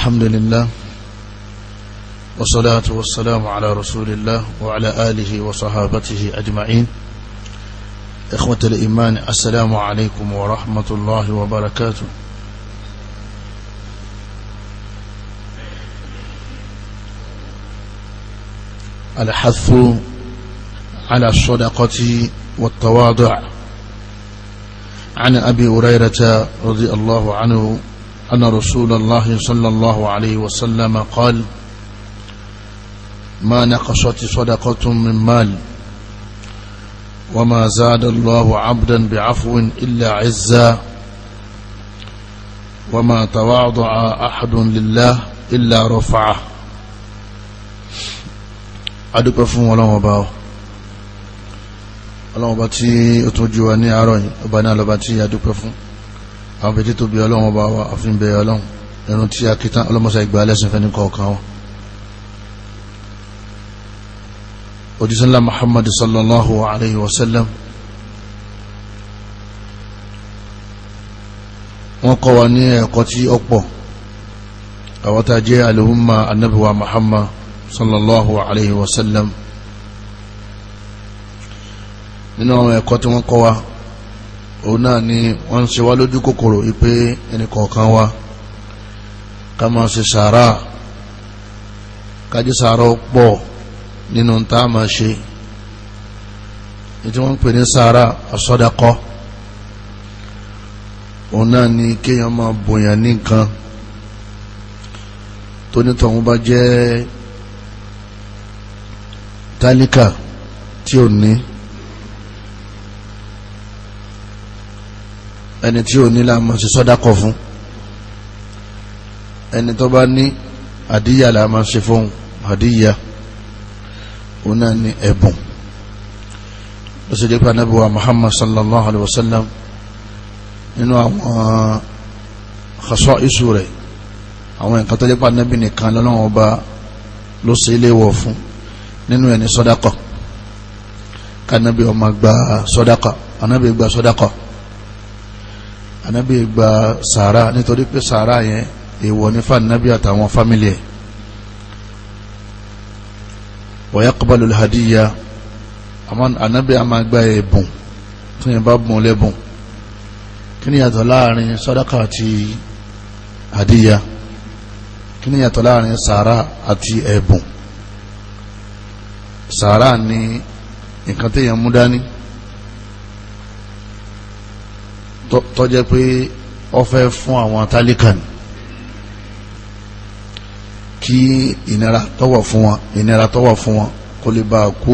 الحمد لله والصلاة والسلام على رسول الله وعلى آله وصحابته أجمعين إخوة الإيمان السلام عليكم ورحمة الله وبركاته الحث على الصدقة والتواضع عن أبي هريرة رضي الله عنه أن رسول الله صلى الله عليه وسلم قال ما نقصت صدقة من مال وما زاد الله عبدا بعفو إلا عزا وما تواضع أحد لله إلا رفعه adúpẹ́ fún ọlọ́run ọba ọ ọlọ́run ọba tí ó tún jù wá ní àwọn bèjì tó bí ọlọ́run ọba wa àfin bẹ ọlọ́run ẹ̀rùn tí a kìtàn ọlọ́mọsá ìgbà alẹ́sìn fẹ́ni kọ̀ọ̀kan wọn òjísánlá Muhammad sallallahu alayhi wa sallam wọ́n kọ́ wa ní ẹ̀kọ́ tí ó pọ̀ àwọn tá a jẹ́ alùhùnmá anábìwá Muhammad sallallahu alayhi wa sallam nínú àwọn ẹ̀kọ́ tí wọ́n kọ́ wa òun náà ni wọ́n ń ṣe wá lójú kòkòrò wípé ẹnì kọ̀ọ̀kan wa ká máa ṣe sàárà kájí sàárà pọ̀ nínú tá a máa ṣe ètí wọ́n pè ní sàárà àsọdakọ́ òun náà ni kéèyàn máa bòyàn ní nǹkan tó nítọ̀hún bá jẹ́ tálíkà tí ò ní. ẹni tí ò ní la máa ṣe sọ́dá kọ fún ẹni tó bá ní àdíyà la máa ṣe fún àdíyà òun náà ní ẹ̀bùn ló ṣe dípa Ànábì wa Muhammad sallallahu alayhi wa sallam nínú àwọn khasaisu rẹ̀ àwọn nǹkan tó dípa Ànábì nìkan lọ́lọ́wọ́ bá ló ṣe ilé wọ̀ fún nínú ẹni sọ́dákọ̀ kánábì ó máa gba sọ́dákọ̀ Ànábì gba sọ́dákọ̀ anabi gba sàárà nítorí pé sàárà yẹn èèwọ̀ ní fànàbí àtàwọn fámílì ẹ̀ wa yaqbalu al-hadiyya anabi a máa gba ẹ̀bùn tí yẹn bá bùn lẹ́bùn kí ni yàtọ̀ láàrin sàdákà àti hadiyya kí yàtọ̀ láàrin sàárà àti ẹ̀bùn sàárà ni nǹkan tí mú dání tó jẹ́ pé ó fẹ́ fún àwọn tálíkà ni kí ìnira tó wà fún wọn ìnira tó wà fún wọn kó lè bá a kú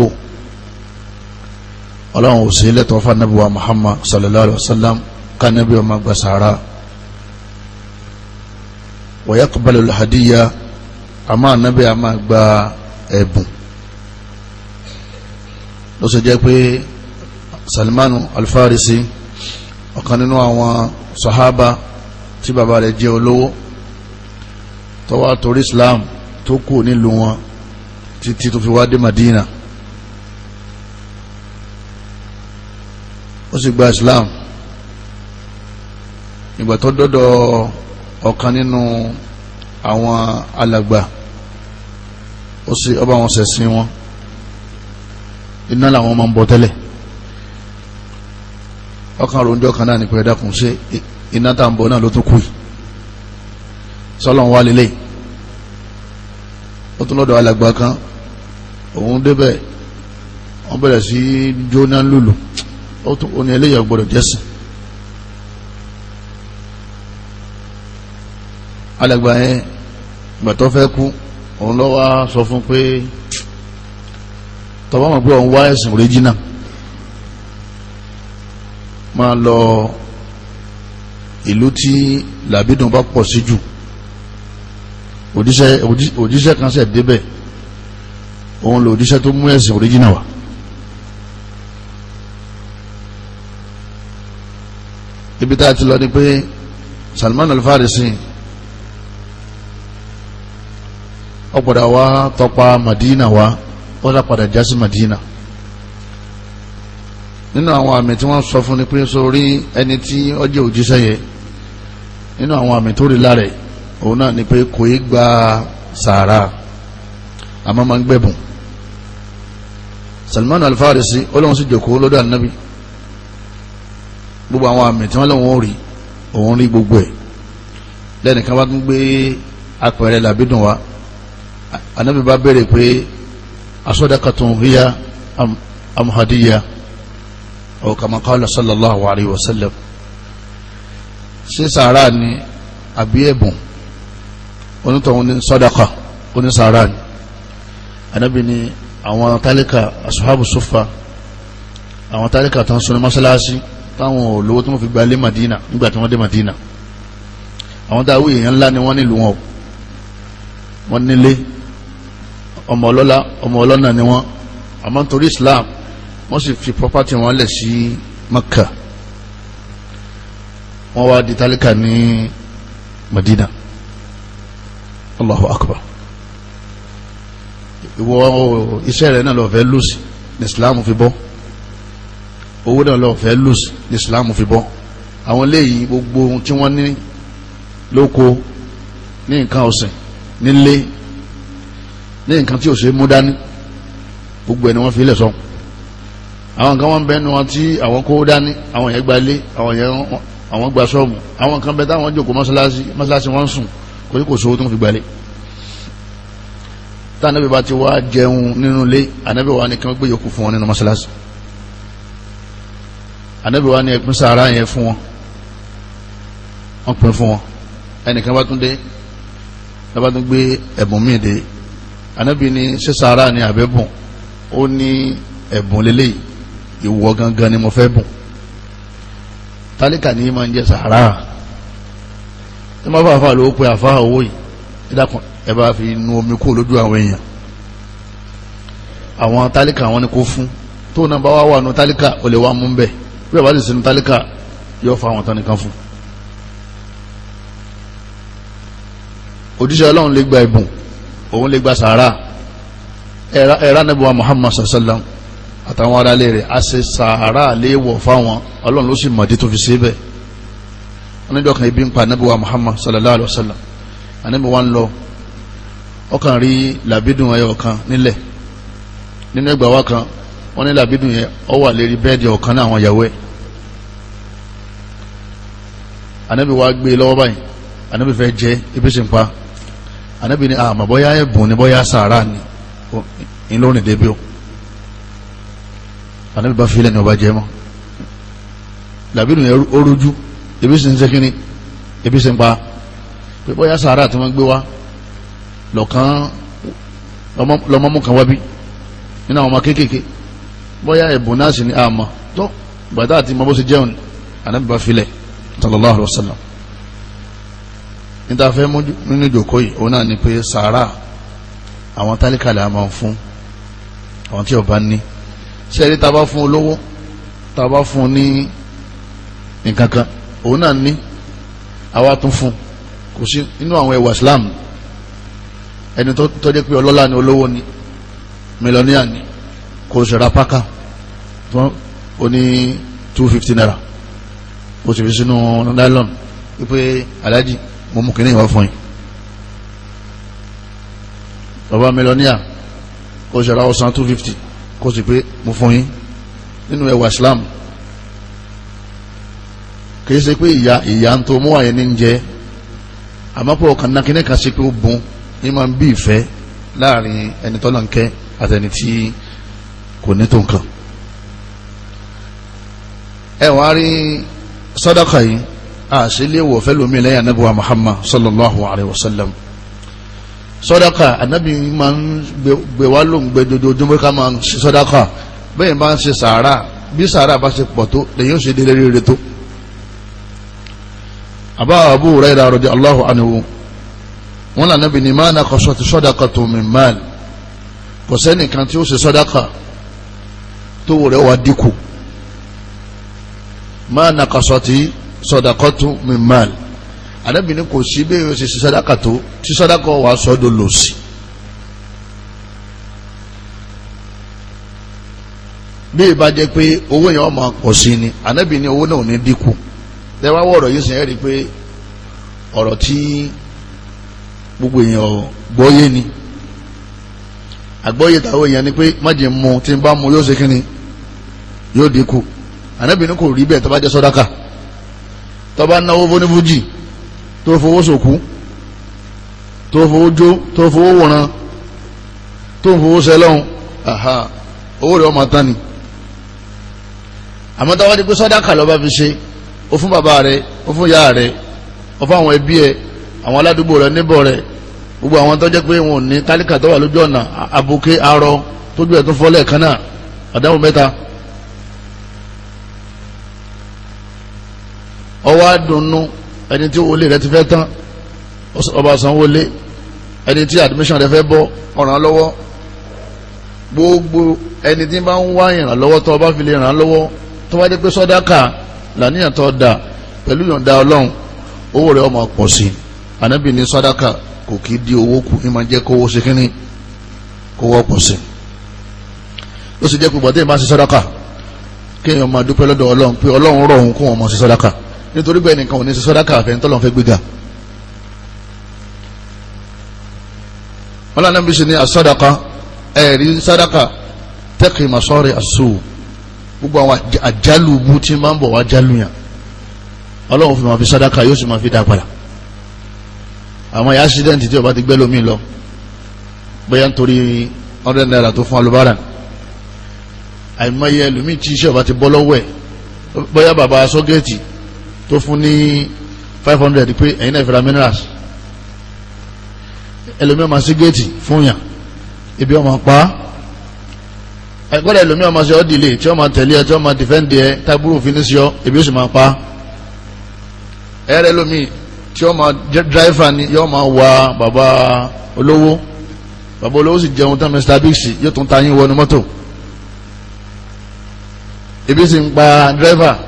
ọlọ́run ò sí lẹ́tọ̀ọ́ fún anábì wa Muhammad sallallahu alayhi wa sallam kánábì ọmọ gbàsára wa yaqbalu al-hadiyya àmọ́ anábì a gba ẹ̀bùn ló jẹ́ pé Salmanu al ọ̀kan nínú àwọn sahaba tí bàbá rẹ̀ jẹ́ olówó tó torí islam tó kù nílùú wọn títí tó fi wá dé madina ó sì gba islam ìgbà tó dọ́dọ̀ ọ̀kan nínú àwọn alàgbà ó sì ọba wọn ṣẹ̀sìn wọn iná làwọn máa ń bọ tẹ́lẹ̀ ọkàn ròǹjọ́ kan náà ní pé ẹ̀dákun ṣe iná tá à ń bọ̀ náà ló tún kù yìí sọ́lọ́n wá lélẹ̀ ó tún lọ́dọ̀ alàgbà kan òun débẹ̀ wọ́n bẹ̀rẹ̀ sí jóná lùlù ó tún òní eléyà gbọ́dọ̀ jẹ́sìn alàgbà yẹn gbàtọ́ fẹ́ kú òun lọ́wọ́ sọ fún pé tọ́wọ́ mọ̀ pé òun wá ẹ̀sìn original máa lọ ìlú tí làbídùn bá pọ̀ sí jù òjíṣẹ́ òjíṣẹ́ kan ṣẹ̀ débẹ̀ òun lò òjíṣẹ́ tó mú ẹ̀sìn oríjìnà wá. ibi tá a ti lọ ni pé Salman al-Farisi ọ̀pọ̀dà wa tọpa Madina wa ó lápadà já sí Madina. Wa, nínú àwọn àmì tí wọ́n sọ fún ni pé sórí ẹni tí ó jẹ́ òjíṣẹ́ yẹ nínú àwọn àmì tó rí lára òun náà ni pé kò í gba sàárà àmọ́ máa ń gbẹ̀bùn Salman Al-Farisi olóhùn sì jòkó lọ́dọ̀ ànábì gbogbo àwọn àmì tí wọ́n lọ́wọ́ rí òun rí gbogbo ẹ̀ lẹ́nìkan bá tún gbé apẹ̀rẹ̀ làbídùn wa ànábì bá béèrè pé asọ́dàkàtún híyá amhadiya. Am أو كما قال صلى الله عليه وسلم ṣé sàárà ni àbí ẹ̀bùn onítọ̀hún ní sàdákà oní sàárà ni anábì ni àwọn tálíkà asuhabu sufa àwọn tálíkà tán sunu mọ́sálásí táwọn olówó tí wọ́n fi gbalé madina nígbà tí wọ́n dé madina àwọn dáwọ́ èèyàn ńlá ni wọ́n nílùú wọn wọ́n nílé ọmọ ọlọ́lá ọmọ ọlọ́nà ni wọ́n àmọ́ nítorí islam wọ́n sì fi property wọn lẹ̀ sí Maka wọ́n wá di tálíkà ní Madina Allahu Akbar ìwọ iṣẹ́ rẹ̀ náà lọ fẹ́ lùsì ní Islam fi bọ́ owó náà lọ fẹ́ lùsì ní Islam fi bọ́ àwọn eléyìí gbogbo ohun tí wọ́n ní lóko ní nǹkan ọ̀sìn nílé ní nǹkan tí ò ṣe mú dání gbogbo ẹni wọ́n fi lẹ̀ sọ́n. So àwọn kan wọn bẹnu wọn tí àwọn kó dání àwọn yẹn gbalé àwọn yẹn àwọn gba sọọmù àwọn kan bẹ táwọn jòkó mọ́sálásí mọ́sálásí wọn sùn kò ní kò sówó tó ń fi gbalé tá ànábì bá ti wá jẹun nínú ilé ànábì wa ni kí wọn gbé yòókù fún wọn nínú mọ́sálásí ànábì wa ni ẹpin sàárà yẹn fún wọn wọn pin fún wọn ẹnìkan bá tún dé lọ́ba tún gbé ẹ̀bùn míì dé ànábì ni ṣé sàárà ni àbẹ̀bùn ó ní ẹ̀bùn lélẹ́yìí ìwọ gangan ni mo fẹ́ bùn tálíkà ní máa ń jẹ sàárà ẹ má fàáfàá ló pe àfáà owó yìí ẹ ẹ bá fi nu omi kó lójú àwọn èèyàn àwọn tálíkà wọn ni kò fún tó náà bá wà wà nu tálíkà ò lè wà mú bẹ́ẹ̀ bí ẹ bá sì sinú tálíkà yóò fa àwọn tán nìkan fún un. òjíṣẹ́ ọlọ́run lè gba ìbùn òun lè gba sàárà ẹ̀rá nẹ́bùwà Muhammad sallallahu àtàwọn aráalé rẹ̀ a ṣe sàárà léèwọ̀ fáwọn ọlọ́run ló sì mọ̀dí tó fi ṣe bẹ́ẹ̀ oníjọ́ kan ibi ń pa ànábì wa Muhammad sallallahu alayhi wa sallam ànábì wa ń lọ ọkàn rí làbídùn ẹyọ kan nílẹ̀ nínú ẹgbàá wa kan wọ́n ní làbídùn yẹn ọ wà lérí bẹ́ẹ̀dì ọ̀kan náà àwọn ìyàwó ẹ̀ ànábì wa gbé e báyìí ànábì fẹ́ jẹ ebi sì ń pa ànábì ni àmọ́ bọ́yá ni bọ́yá sàárà ni ńlọrọ̀ ní débi o anabi bá filẹ̀ ní ọba jẹ́ mọ́ làbínú yẹn ó rojú ebi sì ń ṣe kínní ebi sì ń pa pípọ́ yá sàárà tí wọ́n gbé wá lọ́kàn lọ́mọ́mú kan wá bí nínú àwọn ọmọ kéékèèké bóyá ẹ̀bùn náà sì ní àmọ́ tó gbàdá àti mọ́bó sì jẹun anabi bá filẹ̀ sallallahu alaihi wasallam níta fẹ́ mú nínú ìjòkó yìí òun náà ni pé sàárà àwọn tálíkàlà máa ń fún àwọn tí ọba ní sẹ́rí tá a bá fún olówó tá a bá fún ní nǹkan kan òun náà ní àwa tún fún kò sí nínú àwọn ẹwà Islam ẹni tó tọ́jú pé ọlọ́lá ni olówó ni mílíọ̀nìyà ni kò sì pákà tó o ní two fifty naira o sì fi sínú nylon wípé aláàjì mo mú kínní ìwà fún yín bàbá mílíọ̀nìyà kò sì ọ̀sán two fifty kó sì pé mo fún yín nínú ẹwà islam kìí ṣe pé ìyá ìyá ń tó mú àyẹ̀ ní jẹ àmọ́pọ̀ ọ̀kan náà kíní kan ṣe pé ó bun ní máa ń bí ìfẹ́ láàrin ẹni tọ́lọ̀ ń kẹ́ àtẹni tí kò ní tó nǹkan ẹ wàá rí sàdákà yìí àṣìlẹ̀ wọ̀fẹ́ lómi lẹ́yìn anábùwà Muhammad sallallahu alayhi wa sallam sọ́dáka ànábì máa ń gbé wá lóun gbé dojoojúmọ́ ká máa ń ṣe sọ́dáka bẹ́ẹ̀ bá ń ṣe sàárà bí sàárà bá ṣe pọ̀ tó lẹ́yìn ó ṣe délé rere tó. àbá àbú Hurairah radiyallahu anhu wọn lànà bí ni máa na kọsọ ti sọ́dáka tó mi máa kò sẹ́nìkan tí ó ṣe sọ́dáka tó wò rẹ̀ wá dínkù máa na kọsọ ti sọ́dáka tó mi máa ànábì ní kò sí bẹ́ẹ̀ ṣe ṣe sàdákà tó tí sàdákà wà sọ́dọ̀ lò sí. bí ìbá jẹ́ pé owó yẹn wọ́n máa pọ̀ sí ni ànábì ní owó náà ò ní dínkù tẹ́wá wọ̀rọ̀ yìí sìn ẹ́ rí i pé ọ̀rọ̀ tí gbogbo èèyàn gbọ́yé ni àgbọ́yé tàwọn èèyàn ni pé májè mu tí n bá mu yóò ṣe kí ni yóò dínkù ànábì kò rí bẹ́ẹ̀ tó bá jẹ́ sàdákà tó bá náwó fúnifújì tó fowó sòkú tó fowó jó tó fowó wòran tó fowó sẹlọ́hún aha owó rẹ̀ ọmọ tán ni àmọ́ táwọn ti pé sọ́dáka lọ́ba fi ṣe ó fún bàbá rẹ̀ ó fún ìyá rẹ̀ ó fún àwọn ẹbí ẹ̀ àwọn aládùúgbò rẹ̀ níbọ̀ rẹ̀ gbogbo àwọn tó jẹ́ pé wọn ò ní tálíkà tó wà lójú ọ̀nà àbùké arọ tójú ẹ̀ tó fọ́ lẹ́ẹ̀kan náà àdáwò mẹ́ta. ọwọ́ àdùnnú ẹni tí wọlé rẹ ti fẹ́ tán ọba sanwóolé ẹni tí admission rẹ fẹ́ bọ́ ọ̀ràn lọ́wọ́ gbogbo ẹni tí bá ń wá ìrànlọ́wọ́ tó bá fi lè ràn án lọ́wọ́ tó bá dé pé sọ́dáka làníyàn tó da pẹ̀lú ìyọ̀ǹda ọlọ́run owó rẹ̀ ọmọ pọ̀ sí ànábì ní sọ́dáka kò kí di owó kù ìmọ̀ jẹ́ kówó sí kínní kówó pọ̀ sí ó sì jẹ́ pé bọ̀dé ìbá sí sọ́dáka kéèyàn máa dúpẹ́ lọ́dọ̀ ọlọ́run pé ọlọ́run rọ̀ òun kó wọn mọ̀ sí sọ́dáka nítorí bẹ́ẹ̀ nìkan ò ní sọ́dá káfẹ́ ńtọ́lọ́n fẹ́ gbéga. mọ́lá nàbí sinmi asọ́dàkà ẹ̀rí sádàkà tẹ́kì masọ́rẹ̀ àṣù gbogbo àwọn àjálù bú tí máa ń bọ̀ wá jálù yàn ọlọ́run fi máa fi sádàkà yóò sì máa fi dá padà àwọn ẹ̀yà accident tí ó bá ti gbẹ́ lómi lọ bóyá nítorí hundred naira tó fún alubára àìmọye ẹlòmíì tí iṣẹ́ ó bá ti bọ́ lọ́wọ́ ẹ̀ bóyá bàbá sọ́gẹ́ẹ̀tì tó fún ní five hundred pé ẹ̀yin náà fẹ́ra minerals ẹlòmíràn máa sí géètì fún yàn ibi ọmọ pa ẹgbẹ́rẹ́ ẹlòmíràn máa ṣe ọ́ dìlé tí wọ́n máa tẹ̀lé ẹ tí wọ́n máa dìfẹ́ǹdì ẹ tábúrò fi ní sí ọ ibi ó sì máa pa ẹ̀rẹ́ ẹlòmíì tí wọ́n máa jẹ́ dráìfà ni yọ́ máa wa bàbá olówó bàbá olówó sì jẹun tán Mr Biggs yóò tún ta yín wọnú mọ́tò ibi sì ń pa dráìfà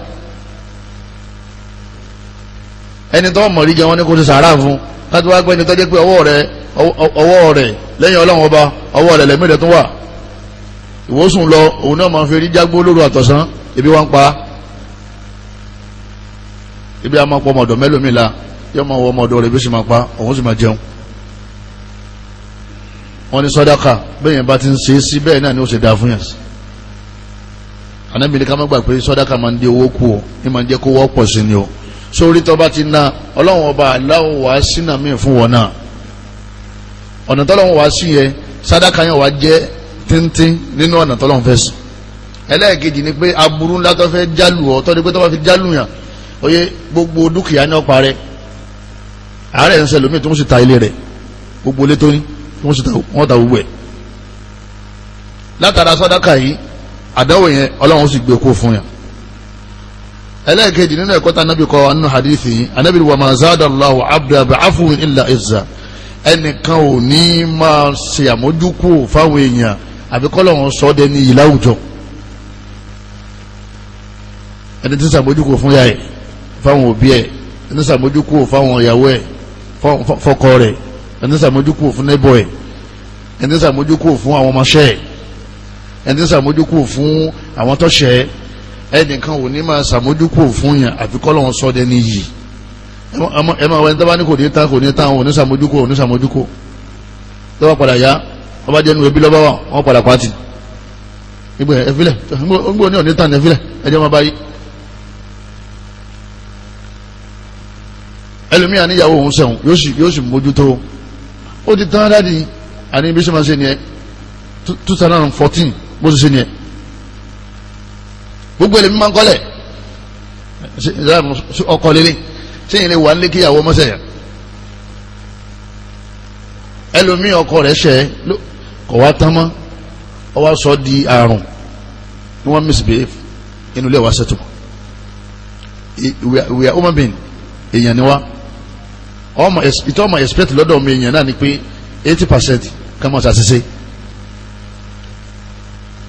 ẹni tó mọ̀rí jẹ wọn ní kó ti sàárà fún láti wá gbé ẹni tó jẹ́ pé ọwọ́ rẹ̀ ọwọ́ rẹ̀ lẹ́yìn ọlọ́run ọba ọwọ́ rẹ̀ lẹ́mí rẹ̀ tún wà ìwòsùn lọ òun náà máa ń fi jágbó lóru àtọ̀sán ibi wọn pa ibi a máa pọ ọmọdọ̀ mẹ́lòmíì la yóò máa wọ ọmọdọ̀ rẹ̀ bí ó sì máa pa òun sì máa jẹun wọ́n ní sọ́dáka bẹ́yẹn bá ti ń ṣe é sí bẹ́ẹ̀ náà ni ó ṣe dáa fún yàn sí anábìnrin ká má gbà pé sọ́dáka máa ń di owó kú o ní máa ń jẹ́ kó wọ́pọ̀ sí ni o sórí tó bá ti na ọlọ́run ọba aláwọ̀ wá sínà mí fún wọn náà ọ̀nà tọ́lọ́run wá sí yẹ sádàkà yẹn wá jẹ́ tíntín nínú ọ̀nà tọ́lọ́run fẹ́ sùn ẹlẹ́ẹ̀kejì ni pé aburú ńlá tó fẹ́ jálù ọ tọ́ ni pé tó fi jálù yàn oye gbogbo dúkìá ní ọ̀pá rẹ àárẹ̀ ń ṣẹlẹ̀ omi tó ń sì ta ilé rẹ̀ gbogbo ilé tó ní tó ń sì ta wọ́n ta gbogbo ẹ̀ látara sádàkà yìí àdáwò yẹn ọlọ́run sì gbé kó fún yàn ẹlẹ́ẹ̀kejì nínú ẹ̀kọ́ tá anábì kọ́ anú hadithi yìí anábì wà máa záàdà Allahu abdá bàáfù ilà ìzà ẹnìkan ò ní máa ṣe àmójúkú fáwọn èèyàn àbí kọ́lọ̀ wọn sọ de ní ìlà òjò ẹni tí ṣàmójúkú fún yá ẹ fáwọn òbí ẹ ẹni ṣàmójúkú fáwọn ìyàwó ẹ fọkọ rẹ ẹni ṣàmójúkú fún nẹ́bọ̀ ẹ ẹni ṣàmójúkú fún àwọn ọmọọṣẹ́ ẹ ẹni ṣàmójúkú fún àwọn tọ́ṣẹ́ ẹ ẹnìkan ò ní máa ṣàmójúkò fún yàn àfi kọ́ lọ́wọ́ sọ́dẹ níyì ẹ máa wẹ́n dábàá ní kò ní ta kò ní ta àwọn oníṣàmójúkò oníṣàmójúkò lọ́wọ́ padà yá ọba jẹ́nu ẹbí lọ́wọ́ wà wọ́n padà pàtì ìgbẹ́ ẹ̀fílẹ̀ ọgbọ́n ní òní tàn ẹ̀fílẹ̀ ẹjọ́ máa bá yí. ẹlòmíà níyàwó òun sẹ̀wọ̀n yóò sì yóò sì mójútó ó ti tán dáàdi àní bí sọ́mọ́ ṣe ni fourteen bó ti gbogbo ẹlẹ́mi máa ń kọ́lẹ̀ ọkọ̀ lélẹ̀ sẹ́yìn lè wà nílé kíyàwó mọ́sẹ̀ yẹn ẹlòmíì ọkọ rẹ̀ ṣẹ́ kọ̀ wá tán mọ́ ọ wá sọ di àrùn ni wọ́n misbehave inú ilé wa ṣètò we are human being èèyàn ni wá ọmọ ìtọ́ ọmọ expect lọ́dọ̀ mi èèyàn náà ni pé eighty percent kàn máa ṣàṣìṣe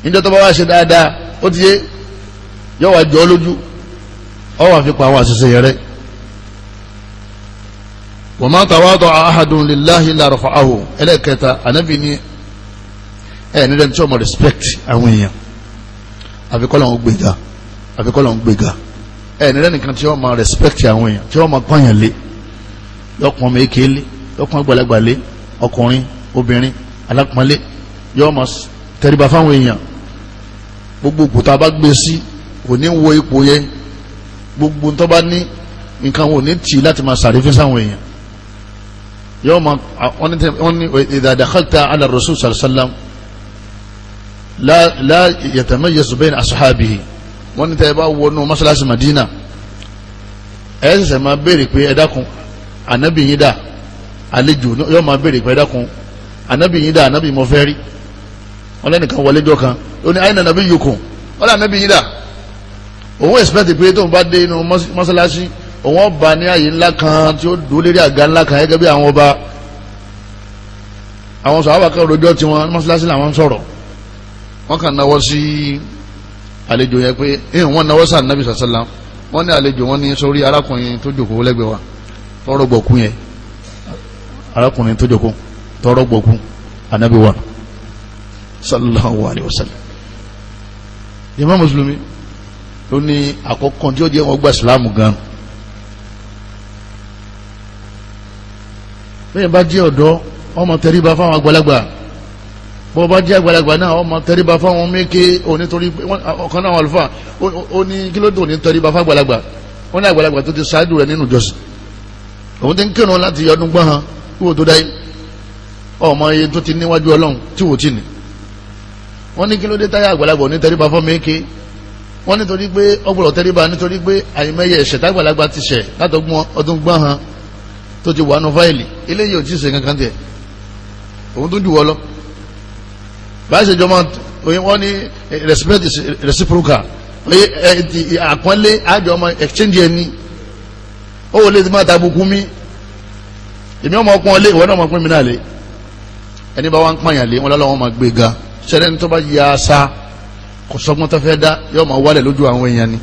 níjọ́ tó bá wá ṣe dáadáa ó ti yé yóò wá jọ lójú ọ wà fi pa àwọn àṣìṣe yẹn rẹ. wa ma tawada'a ahadun lillahi la rafa'ahu ẹlẹ́kẹta ànábì ní ẹ̀ nílẹ̀ tí ọmọ respect àwọn èèyàn àfikọ́lọ̀ ń gbéga àfikọ́lọ̀ ń gbéga ẹ̀ nílẹ̀ nìkan tí ọmọ respect àwọn èèyàn tí ọmọ pọ́nyàn lé yọkùn méke lé yọkùn àgbàlagbà lé ọkùnrin obìnrin alápọ̀nlé yọmọ tẹríba fáwọn èèyàn gbogbo òkúta bá gbé sí kò ní wo ipò yẹn gbogbo tó bá ní nǹkan wò ní tì láti máa sàrífẹ́ sáwọn èèyàn yóò ma wọ́n ní ìdàdàkàtà ala rasul sallam la yatamayyazu bayna ashabihi wọ́n ní tẹ́ ẹ bá wọnú mọ́ṣáláṣí madina ẹ ṣẹ̀ṣẹ̀ máa béèrè pé ẹ dákun ànábì yín dà àlejò yóò máa béèrè pé ẹ dákun ànábì yín dà ànábì mọ́ fẹ́ rí wọ́n lẹ́nìkan wọlé jọ kan ó ní àyìnà nàbí yòókùn wọ́n lẹ́ ànábì òun expect pé tóun bá dé inú mọ́sálásí òun ọba ní àyè ńlá kan tí ó dúró lérí àga ńlá kan gẹ́gẹ́ bí àwọn ọba àwọn sàhábà kan rojọ́ tí wọ́n mọ́sálásí làwọn sọ̀rọ̀ wọ́n kàn náwó sí àlejò yẹn pé ẹ̀ wọ́n náwó sí ànábì sàṣálà wọ́n ní àlejò wọ́n ní sórí arákùnrin tó jòkó lẹ́gbẹ̀ẹ́ wa tọrọ gbọ̀kú yẹn arákùnrin tó jòkó ló ní àkọ́kọ́ tí ó jẹ́ wọn gba ìsìlámù gan. bẹ́ẹ̀ bá jẹ́ ọ̀dọ́ ọmọ tẹríba fáwọn àgbàlagbà bọ́ bá jẹ́ àgbàlagbà náà ọmọ tẹríba fáwọn méke onítorí ọ̀kan náà àlùfáà ó ní kí ló dé òní tẹríba fáwọn àgbàlagbà wọ́n ní àgbàlagbà tó ti ṣáájú rẹ̀ nínú ìjọsìn òun ti ń kírun láti ọdún gbọ́n han kúrò tó dáyé ọmọ iye tó ti níwájú ọlọ́run tí wò ó ti nì wọ́n ní kí ló dé táyà àgbàlagbà òní tẹríba fáwọn méke wọ́n nítorí pé ọgbọ̀lọ̀ tẹ́ríba nítorí pé àìmọye ẹ̀ṣẹ̀ tágbàlagbà ti ṣẹ̀ látọgbọ́n ọdún gbọ́n han tó ti wà nù fáìlì eléyìí ò tí ì ṣe kankan tiẹ̀ òun tó jù wọ́ lọ báyìí ṣe wọ́n ní respect is reciprocal àpọ́nlé àjọ ọmọ exchange ẹni ó wọlé ti máa ta bukú mi èmi ọmọ ọpọ́n lé ìwọ náà ọmọ pín mi náà lé ẹni bá wá ń pààyàn lé wọn lọ́wọ́ kò sọgbọ́n tó fẹ́ dá yóò máa wálẹ̀ lójú àwọn èèyàn ni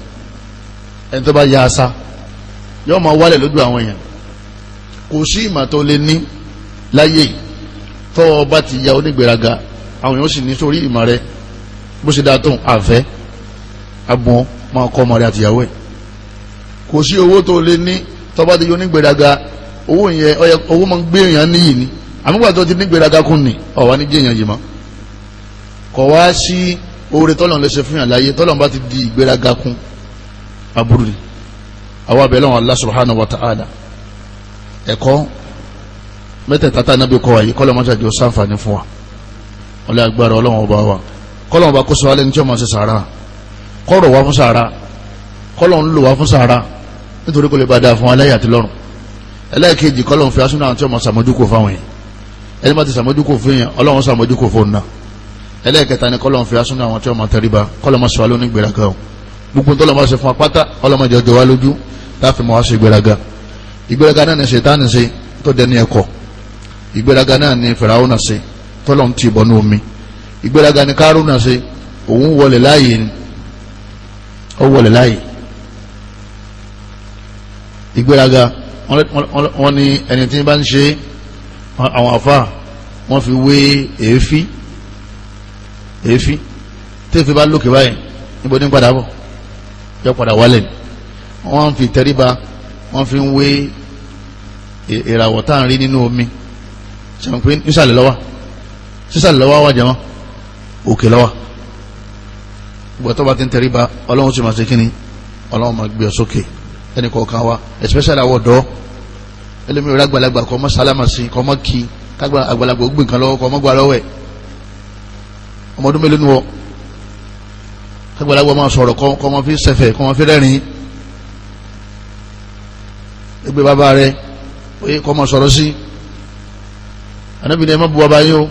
ẹni tó bá ya asa yóò máa wálẹ̀ lójú àwọn èèyàn kò sí ìmọ̀ tó lè ní láyé tó o bá ti ya onígbèraga àwọn èèyàn sì ní sórí ìmọ̀ rẹ bó ṣe dáa tó àfẹ́ abùn máa kọ́ ọmọ rẹ àtìyàwó ẹ̀ kò sí owó tó lè ní tó bá ti ya onígbèraga owó yẹn owó máa ń gbé èèyàn níyì ni àmúgbà tó ti nígbèraga kún ni ọ̀wá ní gbé èèyàn yìí mọ́ kọ̀ wá sí. Si, oore tọ́lọ̀ lè ṣe fún yàn láyé tọ́lọ̀ bá ti di ìgbéraga kún aburú ni àwọn abẹ́lẹ́ wọn Allah subhanahu wa ta'ala ẹ̀kọ́ mẹ́tẹ̀ẹ̀ta tá nábì kọ́ wáyé kọ́lọ́ mọ́tà jọ sáǹfààní fún wa ọlẹ́ agbára ọlọ́wọ́n ọba wa kọ́lọ́ ọba kó sọ alẹ́ ní tí wọ́n máa ṣe sàárà kọ́rọ̀ wá fún sàárà kọ́lọ́ ń lò wá fún sàárà nítorí kò lè bá dáa fún alẹ́ àti lọ́rùn ẹlẹ́ẹ̀kejì kọ́lọ́ fi asúnà àwọn tí wọ́n fáwọn yẹn ẹni máa ti ṣàmójúkò fún yẹn ọlọ́wọ́n ṣàmójúkò fún náà ẹlẹ́ẹ̀kẹta ni kọ́lọ́n fi asúnú àwọn tí wọ́n máa tẹríba kọ́lọ́n máa sọ wá lónìí gbéraga o gbogbo tó lọ́mọ ṣe fún apáta ọlọ́mọdé ọjọ́ wa lójú láfi mọ́ wá sí gbéraga ìgbéraga náà ni ṣètánì ṣe tó dẹni ẹ̀kọ́ ìgbéraga náà ni fìràwọ́nà ṣe tọ́lọ́n ti bọ̀ ní omi ìgbéraga ni kárúnà ṣe òun wọlé láàyè ni ó wọlé láàyè ìgbéraga wọ́n ní ẹni tí bá ń ṣe àwọn àfa wọ́n fi wé èéfín èéfín tẹ́fẹ́ bá lókè báyìí níbo ní padà bọ̀ yọ padà wálẹ̀ ni wọ́n fi tẹríba wọ́n fi ń wé e, ìràwọ̀ tá à ń rí nínú omi ṣàǹpé nísàlẹ̀ lọ́wọ́ sísàlẹ̀ lọ́wọ́ wájà wọn òkè lọ́wọ́ gbogbo bá ti ń tẹríba ọlọ́run ti máa ṣe kíni ọlọ́run máa gbé ọ sókè ẹnì kọ̀ọ̀kan wa especially àwọ̀ dọ́ ẹlẹ́mi rẹ̀ àgbàlagbà kọ́ mọ́ sálámà sí kọ́ mọ́ kí àgbàlagbà ó gbìn kan lọ́wọ́ kọ́ mọ́ gbà lọ́wọ́ ẹ̀ ọmọ ọdún mélòó ni wọ agbàlagbà máa sọ̀rọ̀ kọ́ ọmọ fi sẹ̀fẹ̀ kọ́ ọmọ fi rẹ́rìn ẹgbẹ́ bàbá rẹ oye kọ́ ọmọ sọ̀rọ̀ sí anábìnrin ẹ má bu bàbá yín o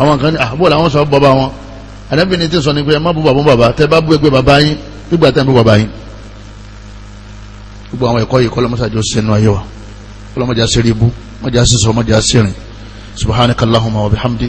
àwọn kan ní àbúrò ah, làwọn sọ bọ́ bá wọn anábìnrin ti sọ ni pé ẹ má bu bàbá bàbá tẹ bá bu ẹgbẹ́ bàbá yín nígbà tẹ ń bu bàbá yín gbogbo àwọn ẹ̀kọ́ yìí kọ́ lọ́mọ́sájọ́ sínú ayé wa kọ́ lọ́mọ́jà ibú mọ́jà sí sọ mọ́jà sí rìn wa bihamdi.